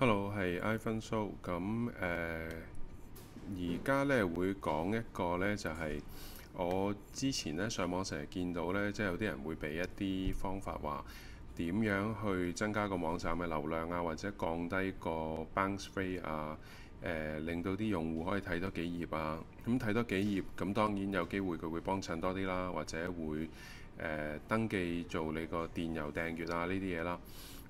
Hello，我係 iPhone Show。咁誒，而家咧會講一個咧，就係我之前咧上網成日見到咧，即係有啲人會俾一啲方法話點樣去增加個網站嘅流量啊，或者降低個 bounce rate 啊，誒令到啲用戶可以睇多幾頁啊。咁睇多幾頁，咁當然有機會佢會幫襯多啲啦，或者會誒登記做你個電郵訂閲啊呢啲嘢啦。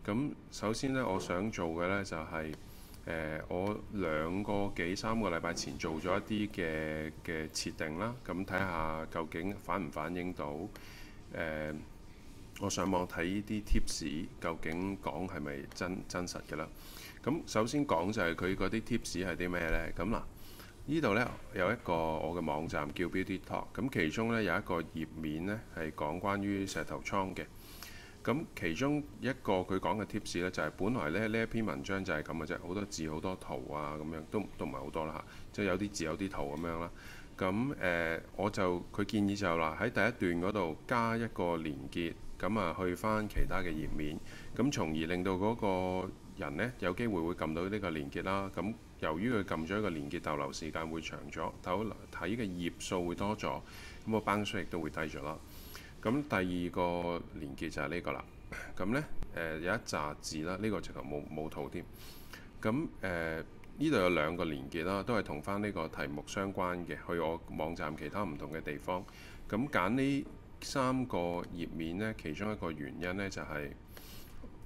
咁首先咧，我想做嘅咧就係、是、誒、呃、我兩個幾三個禮拜前做咗一啲嘅嘅設定啦，咁睇下究竟反唔反映到誒、啊、我上網睇呢啲貼士，究竟講係咪真真實嘅啦？咁、啊、首先講就係佢嗰啲貼士係啲咩咧？咁、啊、嗱，呢度咧有一個我嘅網站叫 Beauty Talk，咁、啊、其中咧有一個頁面咧係講關於石頭倉嘅。咁其中一個佢講嘅 tips 咧，就係、是、本來咧呢一篇文章就係咁嘅啫，好、就是、多字好多圖啊，咁樣都都唔係好多啦嚇，即係有啲字有啲圖咁、啊、樣啦。咁誒、呃，我就佢建議就係啦，喺第一段嗰度加一個連結，咁啊去翻其他嘅頁面，咁從而令到嗰個人呢，有機會會撳到呢個連結啦。咁由於佢撳咗一個連結，逗留時間會長咗，睇睇嘅頁數會多咗，咁個班 o 亦都會低咗啦。咁第二個連結就係呢個啦，咁呢，誒、呃、有一紮字啦，呢、呢個直頭冇冇圖添。咁誒呢度有兩個連結啦，都係同返呢個題目相關嘅。去我網站其他唔同嘅地方，咁揀呢三個頁面呢，其中一個原因呢，就係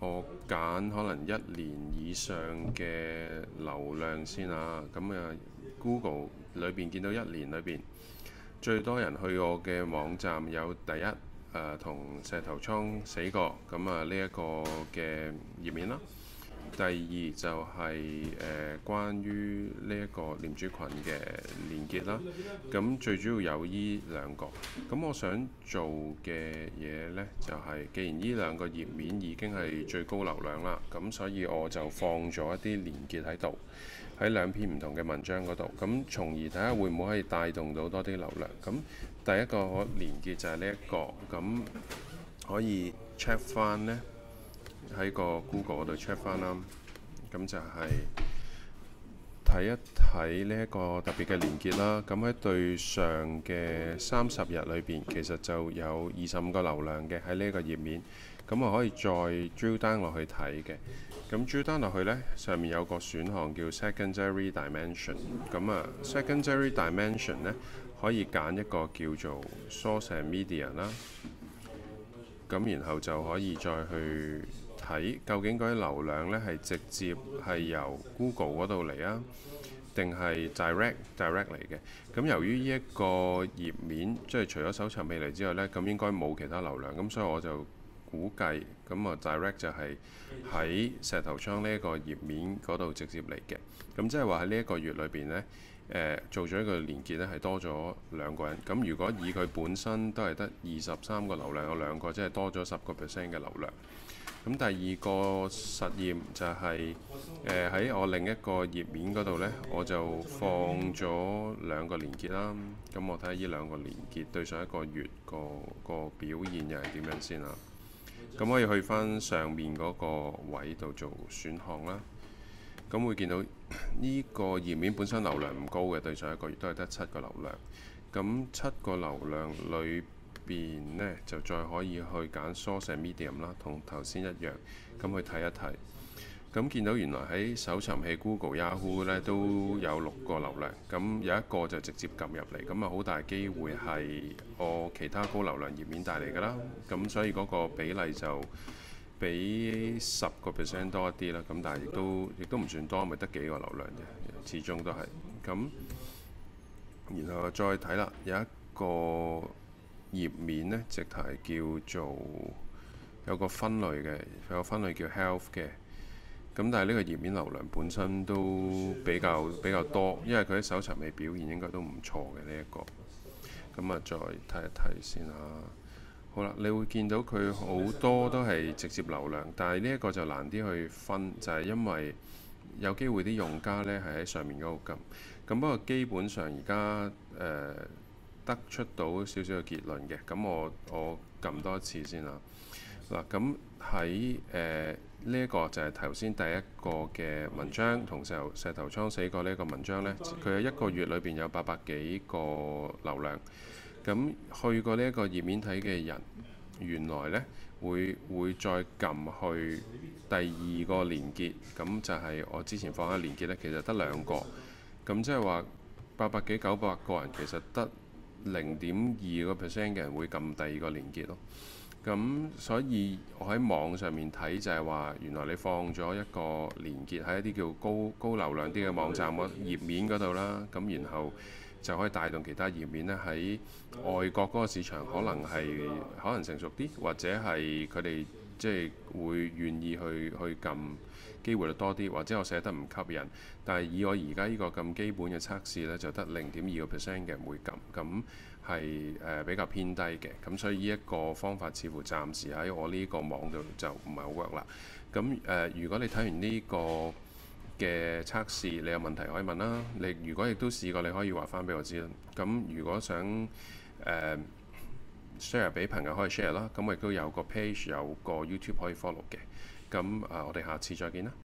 我揀可能一年以上嘅流量先啊。咁啊 Google 裏邊見到一年裏邊。最多人去過嘅網站有第一，誒、呃、同石頭倉四個，咁啊呢一、這個嘅頁面啦、啊。第二就係、是、誒、呃、關於呢一個念珠菌嘅連結啦，咁最主要有依兩個。咁我想做嘅嘢呢，就係、是、既然呢兩個頁面已經係最高流量啦，咁所以我就放咗一啲連結喺度，喺兩篇唔同嘅文章嗰度，咁從而睇下會唔會可以帶動到多啲流量。咁第一個連結就係呢一個，咁可以 check 翻呢。喺個 Google 嗰度 check 翻啦，咁就係睇一睇呢一個特別嘅連結啦。咁喺對上嘅三十日裏邊，其實就有二十五個流量嘅喺呢個頁面。咁啊，可以再 drill down 落去睇嘅。咁 drill down 落去呢，上面有個選項叫 secondary dimension 啊。咁啊，secondary dimension 呢，可以揀一個叫做 source media 啦。咁然後就可以再去。睇究竟嗰啲流量咧係直接係由 Google 嗰度嚟啊，定係 direct direct 嚟嘅？咁由於呢一個頁面，即係除咗搜尋未嚟之外咧，咁應該冇其他流量，咁所以我就估計咁啊，direct 就係喺石頭窗呢一個頁面嗰度直接嚟嘅。咁即係話喺呢一個月裏邊咧。做咗一個連結咧，係多咗兩個人。咁如果以佢本身都係得二十三個流量，有兩個即係多咗十個 percent 嘅流量。咁第二個實驗就係呃、喺我另一個頁面嗰度呢，我就放咗兩個連結啦。咁我睇下呢兩個連結對上一個月個個表現又係點樣先啦。咁可以去翻上面嗰個位度做選項啦。咁會見到呢個頁面本身流量唔高嘅，對上一個月都係得七個流量。咁七個流量裏邊呢，就再可以去揀 Source Medium 啦，同頭先一樣，咁去睇一睇。咁見到原來喺搜尋器 Google Yahoo 呢都有六個流量，咁有一個就直接撳入嚟，咁啊好大機會係我其他高流量頁面帶嚟㗎啦。咁所以嗰個比例就～比十個 percent 多一啲啦，咁但係亦都亦都唔算多，咪得幾個流量啫。始終都係咁，然後再睇啦，有一個頁面呢，直頭係叫做有個分類嘅，有個分類叫 health 嘅。咁但係呢個頁面流量本身都比較比較多，因為佢啲搜尋未表現應該都唔錯嘅呢一個。咁啊，再睇一睇先啦。好啦，你會見到佢好多都係直接流量，但係呢一個就難啲去分，就係、是、因為有機會啲用家呢係喺上面嗰度撳。咁不過基本上而家、呃、得出到少少嘅結論嘅。咁我我撳多一次先啦。嗱，咁喺誒呢一個就係頭先第一個嘅文章同石頭石頭倉死過呢一個文章呢，佢喺一個月裏邊有八百幾個流量。咁去過呢一個頁面睇嘅人，原來呢會會再撳去第二個連結，咁就係我之前放嘅連結呢，其實得兩個，咁即係話八百幾九百個人其實得零點二個 percent 嘅人會撳第二個連結咯，咁所以我喺網上面睇就係話，原來你放咗一個連結喺一啲叫高高流量啲嘅網站嗰頁面嗰度啦，咁然後，就可以帶動其他頁面咧，喺外國嗰個市場可能係可能成熟啲，或者係佢哋即係會願意去去撳機會率多啲，或者我寫得唔吸引，但係以我而家呢個咁基本嘅測試咧，就得零點二個 percent 嘅唔會撳，咁係誒比較偏低嘅，咁所以呢一個方法似乎暫時喺我呢個網度就唔係好 work 啦。咁誒、呃，如果你睇完呢個，嘅測試，你有問題可以問啦。你如果亦都試過，你可以話翻俾我知啦。咁如果想呃、share 俾朋友可以 share 啦。咁我亦都有個 page，有個 YouTube 可以 follow 嘅。咁啊、呃，我哋下次再見啦。